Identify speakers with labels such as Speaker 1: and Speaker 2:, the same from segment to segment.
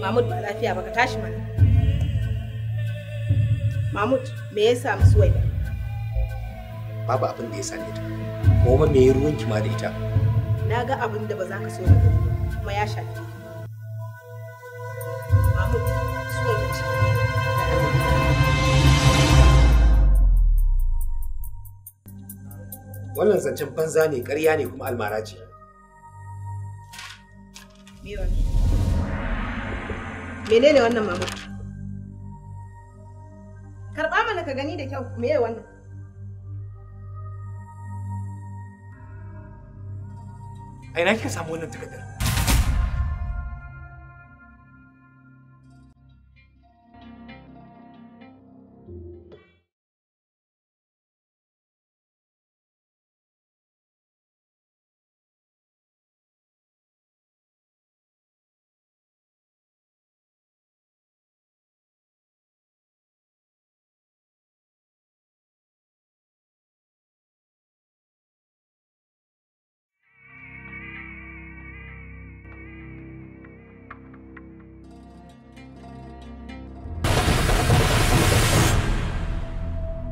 Speaker 1: Mahmud ba lafiya ba ka tashi mana. Mahmud me ya musu wai?
Speaker 2: Babu abin da ya sani ta. ba me ruwan ruwan ma da ita?
Speaker 1: Na ga abin da ba za ka so ba kuma ya shafi. Mahmud Suwaiba ce.
Speaker 2: Wannan zancen banza ne ƙarya ne kuma almara ce.
Speaker 1: Me wani? menene wannan mama karba mana ka gani da kyau meye wannan
Speaker 2: a na kika samu wannan takardar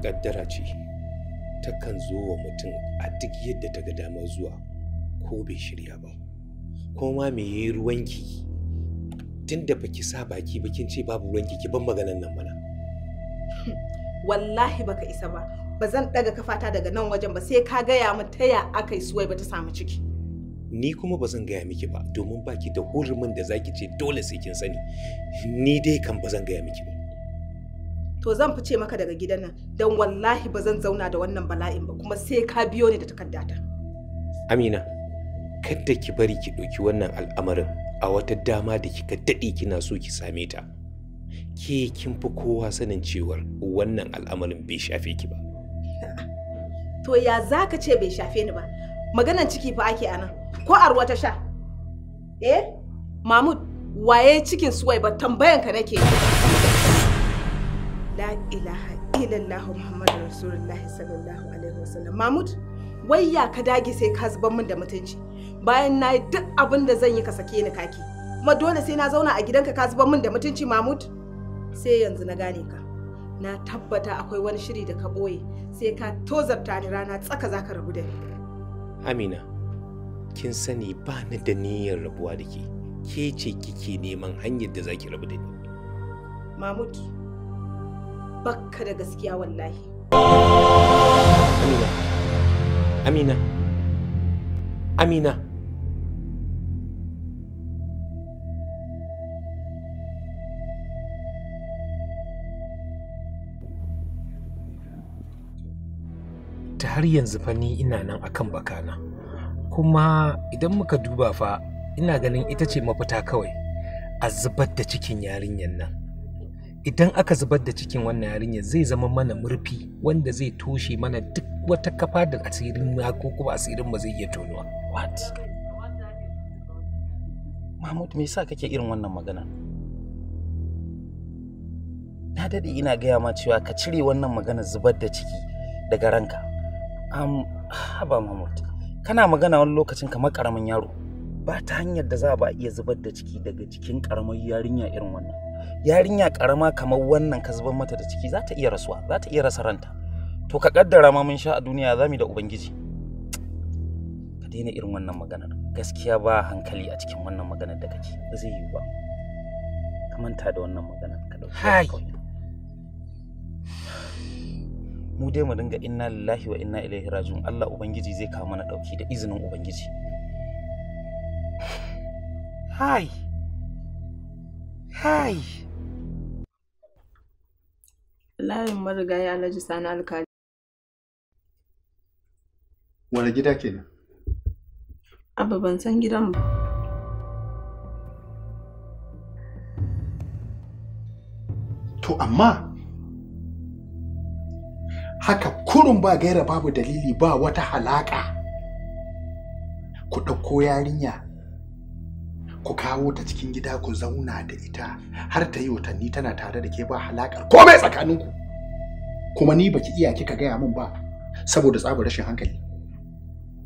Speaker 2: Ƙaddara ce, takan zo wa mutum a duk yadda ta ga damar zuwa ko bai shirya ba. Kuma me yi ruwanki tun da baki sa baki bakin ce babu ruwan ki ban maganan nan mana.
Speaker 1: Wallahi baka isa ba, ba zan ɗaga kafata daga nan wajen ba sai ka gaya min ta ya aka yi suwai ba ta samu ciki.
Speaker 2: ni kuma ba zan gaya miki ba domin baki da hurumin da zaki ce dole sai kin sani ni dai kan ba zan gaya miki ba
Speaker 1: to zan fice maka daga gidan nan don wallahi ba zan zauna da wannan bala'in ba kuma sai ka biyo ni da takardata.
Speaker 2: Amina, kada ki bari ki ɗauki wannan al'amarin a wata dama da kika daɗe kina so ki same ta. Ke kin fi kowa sanin cewar wannan al'amarin bai shafe ki ba.
Speaker 1: To ya za ka ce bai shafe ni ba, maganan ciki fa ake anan ko arwa ta sha. Eh, Mahmud, waye cikin suwai ba tambayanka nake la ilaha illallah muhammadur rasulullah sallallahu alaihi wasallam mahmud wai ya ka dage sai ka zuban min da mutunci bayan na yi duk abin da zan yi ka sake ni kaki kuma dole sai na zauna a gidanka ka zuban min da mutunci mahmud sai yanzu na gane ka na tabbata akwai wani shiri da ka ɓoye sai ka tozarta ni rana tsaka za ka rabu da ni
Speaker 2: amina kin sani ba ni da niyyar rabuwa da ke ke ce kike neman hanyar da za ki rabu da ni
Speaker 1: mahmud bakka da gaskiya wallahi
Speaker 2: amina amina amina ta har yanzu fa ni ina nan akan bakana kuma idan muka duba fa ina ganin ita ce mafita kawai a zubar da cikin yarinyar nan idan aka zubar da cikin wannan yarinyar zai zama mana murfi wanda zai toshe mana duk wata kafa da asirin na ko kuma asirin ba zai iya tonuwa what mahmud me yasa kake irin wannan magana na dade ina gaya ma cewa ka cire wannan magana zubar da ciki daga ranka am haba mahmud kana magana wani lokacin kamar karamin yaro ba ta hanyar da za ba iya zubar da ciki daga cikin karamar yarinya irin wannan yarinya karama kamar wannan ka zubar mata da ciki za ta iya rasuwa za ta iya rasa ranta to ka kaddara ma mun sha a duniya za mu da ubangiji ka daina irin wannan maganar gaskiya ba hankali a cikin wannan maganar da kake ba zai yiwu ba ka manta da wannan maganar ka dauki mu dai mu dinga inna lillahi wa inna ilaihi rajiun Allah ubangiji zai kawo mana dauki da izinin ubangiji
Speaker 1: hai Hai! Layin ya alaji Sani Alkali. Wane gida Abba ban san gidan ba. To amma haka
Speaker 2: kurun ba gaira babu dalili ba wata halaƙa ku ɗauko yarinya ku kawo ta cikin gida ku zauna da ita har ta yi watanni tana tare da ke ba halakar komai tsakaninku kuma ni baki iya kika gaya min ba saboda tsabar rashin hankali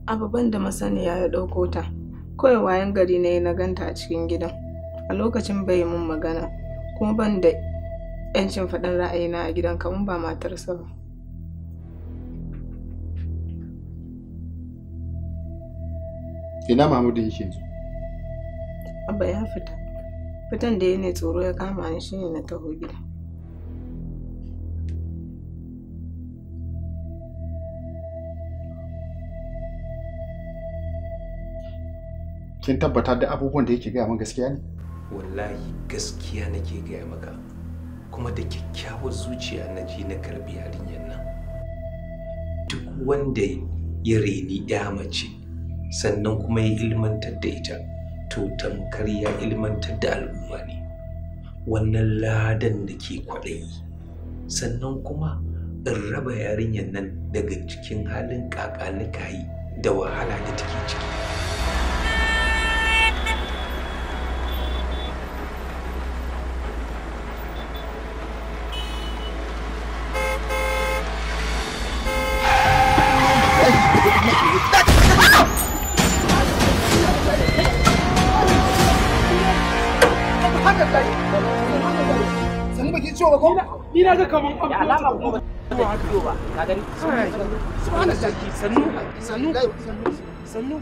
Speaker 1: ababen da masaniya ya ɗauko ta kawai wayan gari ne na ganta a cikin gidan a lokacin bai mun magana kuma ban da yancin faɗin ra'ayina a gidan kamun ba matarsa ba ina mamudin yake yanzu abba ya fita fitan da ya ne tsoro ya kama ni shine na taho gida kin tabbata da abubuwan da yake gaya min gaskiya ne wallahi
Speaker 2: gaskiya nake gaya maka kuma da kyakkyawar zuciya na ji na karbi yarinyar nan duk wanda ya reni ya mace sannan kuma ya ilmantar da ita to tamkar ya ilmantar da al'umma ne wannan ladan da ke kwaɗayi sannan kuma in raba yarinyar nan daga cikin halin ƙaƙa kayi da wahala da take ciki. ciwo ba ko ni na ga kaman alama ko ba ba ka gani subhana sarki sannu sannu sannu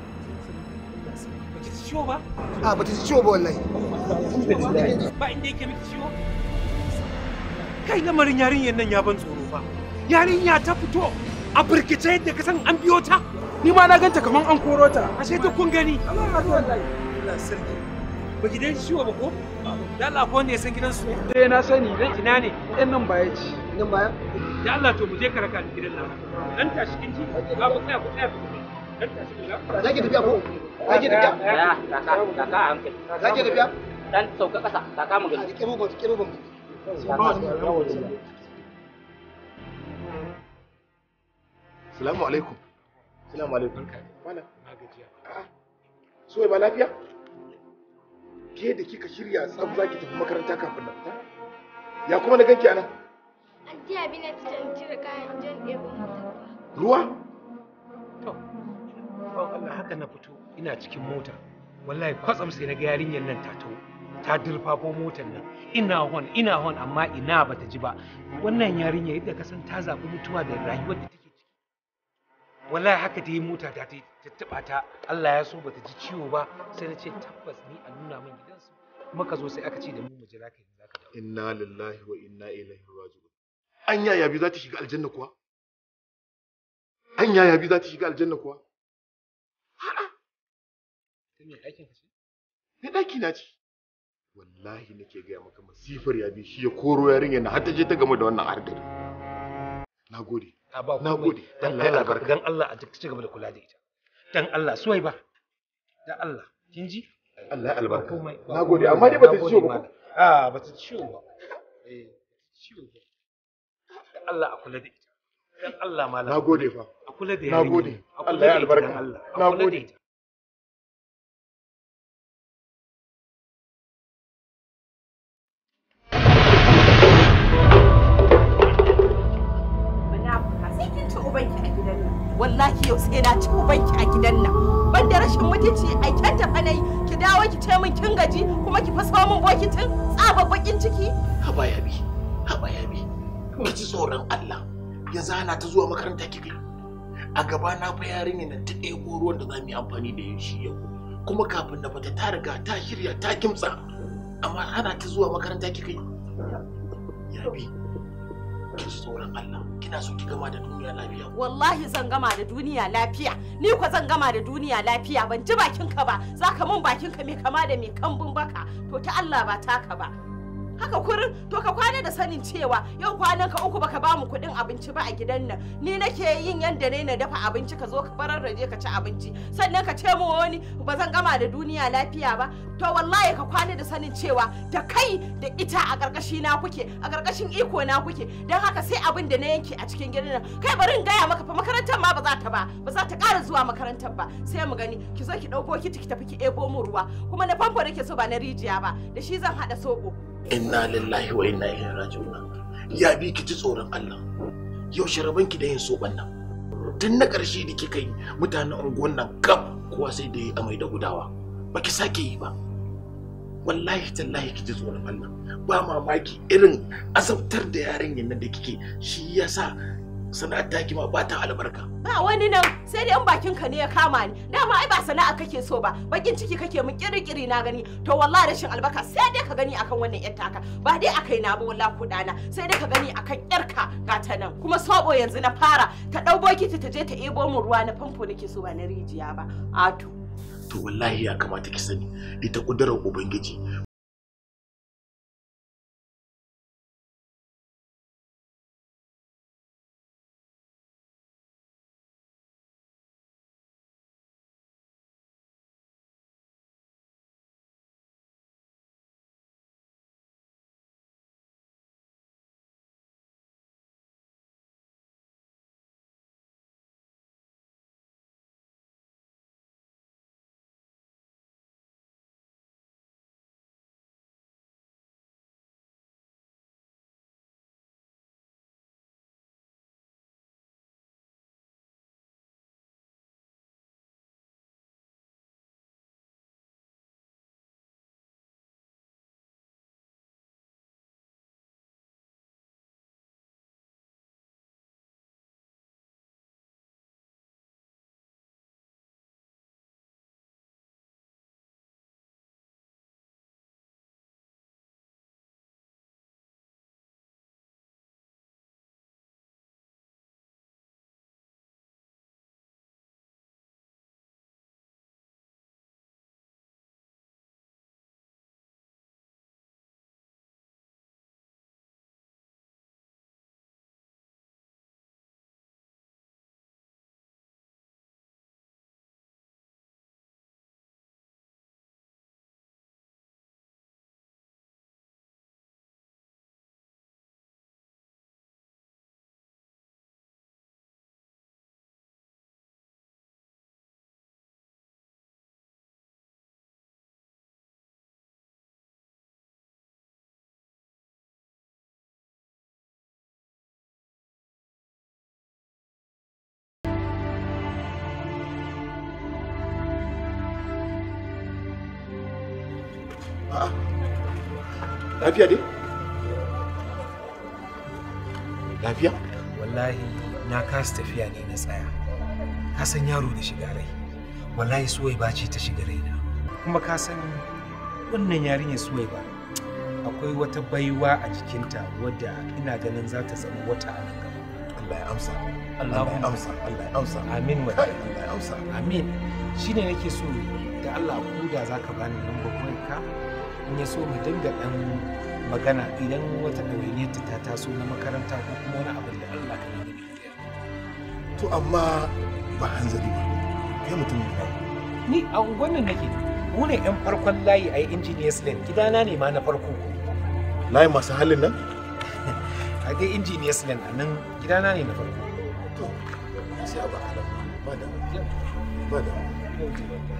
Speaker 2: baki ci ciwo ba a baki ci ciwo ba wallahi ba inda yake miki ciwo kai lamarin yarinyar nan ya ban tsoro ba yarinya ta fito a birkice yadda ka san an biyo ta ni ma na ganta kaman an koro ta ashe duk kun gani Allah sarki baki dan ciwo ba ko da Allah ko ne san gidansu eh na sani dan ina ne ɗan nan baya ce nan baya da Allah to mu je karaka ni gidan nan dan tashi kin ji ba ku tsaya ku tsaya dan tashi kin ga zaki tafiya ko
Speaker 3: zaki tafiya ya kaka kaka hankali zaki tafiya dan sauka
Speaker 1: kasa kaka mu gani ke bugun ke bugun Salamu alaikum. Salamu alaikum. Wala. Na gajiya.
Speaker 2: ba lafiya? ke da kika shirya tsab za ki tafi makaranta kafin nan ya kuma na ganki anan
Speaker 3: an ji abin da ta cire kayan jan ɗebo mata
Speaker 2: ruwa to Allah haka na fito ina cikin mota wallahi kwatsam sai na ga yarinyar nan ta taho ta dirfafo motar nan ina hon ina hon amma ina bata ji ba wannan yarinya yadda ka san ta zaɓi mutuwa da rayuwar da take wallahi haka ta yi mota ta ta tattaba ta Allah ya so ba ta ji ciwo ba sai na ce tabbas ni a nuna min gidansu ka zo sai aka ce da mu mu jira kai
Speaker 1: zaka dawo inna lillahi wa inna ilaihi raji'un anya yabi za ta shiga aljanna kuwa anya yabi za ta shiga aljanna kuwa
Speaker 2: ta me aikin ka ce
Speaker 1: ni daki na ci
Speaker 2: wallahi nake gaya maka masifar yabi shi ya koro yarinya na har ta je ta gama da wannan ardari nagode a ba na gode Allah ya albarka dan Allah a ci gaba da kula da ita dan Allah suwai ba dan Allah kin ji Allah albarka na gode amma dai bata ciwo ba a ah, bata ciwo ba eh ciwo ba dan Allah a kula da ita dan Allah malam
Speaker 1: na gode fa a kula da yarinya na gode
Speaker 2: Allah ya albarka
Speaker 1: na gode
Speaker 3: zaki yau sai na ci ubanki a gidan nan ban da rashin mutunci a kyanta fanai ki dawo ki ce min kin gaji kuma ki fasa min bokitin tsaba bakin ciki haba ya bi haba ya bi ki ji tsoron Allah ya zana ta zuwa makaranta
Speaker 2: ki kai a gaba na fa yarinya na ta ɗebo ruwan da za mu yi amfani da shi yau kuma kafin na fata ta riga ta shirya ta kimtsa amma ana ta zuwa makaranta ki kai ya bi.
Speaker 3: kina so ki da duniya lafiya wallahi zan gama da duniya lafiya ni kwa zan gama da duniya lafiya ban ji bakinka ka ba zaka mun min mai mai kama da mai kambun baka to ta Allah ba taka ba haka kurin to ka kwana da sanin cewa yau kwanan ka uku baka bamu mu kuɗin abinci ba a gidan nan ni nake yin yanda ne na dafa abinci ka zo ka da je ka ci abinci sannan ka ce mu wani ba zan gama da duniya lafiya ba to wallahi ka kwana da sanin cewa da kai da ita a ƙarƙashi na kuke a ƙarƙashin iko na kuke don haka sai abin da na yanke a cikin gidan nan kai bari in gaya maka fa makarantar ma ba za ta ba ba za ta ƙara zuwa makarantar ba sai mu gani ki zo ki ɗauko ki ki tafi ki ebo mu ruwa kuma na famfo nake so ba na rijiya ba da shi zan haɗa soko. inna lillahi wa
Speaker 2: inna ilaihi raji'un ya bi ki ji tsoron Allah yau sharaban ki da yin soban nan tun na ƙarshe da kika yi mutanen unguwan nan kaf kowa sai da yi amai da gudawa baki sake yi ba wallahi tallahi ki ji tsoron Allah ba mamaki irin azabtar da yaren nan da kike shi yasa sana'ar taki ma ba ta albarka.
Speaker 3: Ba wani nan sai dai in bakin ka ne ya kama ni. Dama ai ba sana'a kake so ba. Bakin ciki kake mu kirikiri na gani. To wallahi rashin albarka sai dai ka gani akan wannan yar taka. Ba dai akai na ba wallahi ku dana. Sai dai ka gani akan yar ka ga ta nan. Kuma sobo yanzu na fara ta dau bokiti ta je ta ebo mu ruwa na famfo nake so ba na rijiya ba. Ato.
Speaker 2: To wallahi ya
Speaker 1: kamata ki sani ita kudarar ubangiji lafiya dai
Speaker 2: lafiya wallahi na kasa tafiya ne na tsaya ka san yaro da shiga rai wallahi suwai ba ce ta shiga raina kuma ka san wannan yarinya suwai ba akwai wata baiwa a jikinta wadda ina ganin za ta zama wata a nan gaba Allah ya amsa Allah ya amsa Allah ya amsa amin wa Allah ya amsa amin shine nake so da Allah ko da zaka bani lambar wayarka in ya so mu dinga ɗan magana idan wata ɗawainiyarta ta taso na makaranta ko kuma wani abin da Allah ka nuna ne to amma ba hanzari ba kai mutum ne ni a gwanin nake mu ne yan farkon layi a engineers lane gidana ne ma na farko
Speaker 1: layi masu halin nan
Speaker 2: a dai engineers lane a nan gidana ne na farko to
Speaker 1: sai a ba ba da ba da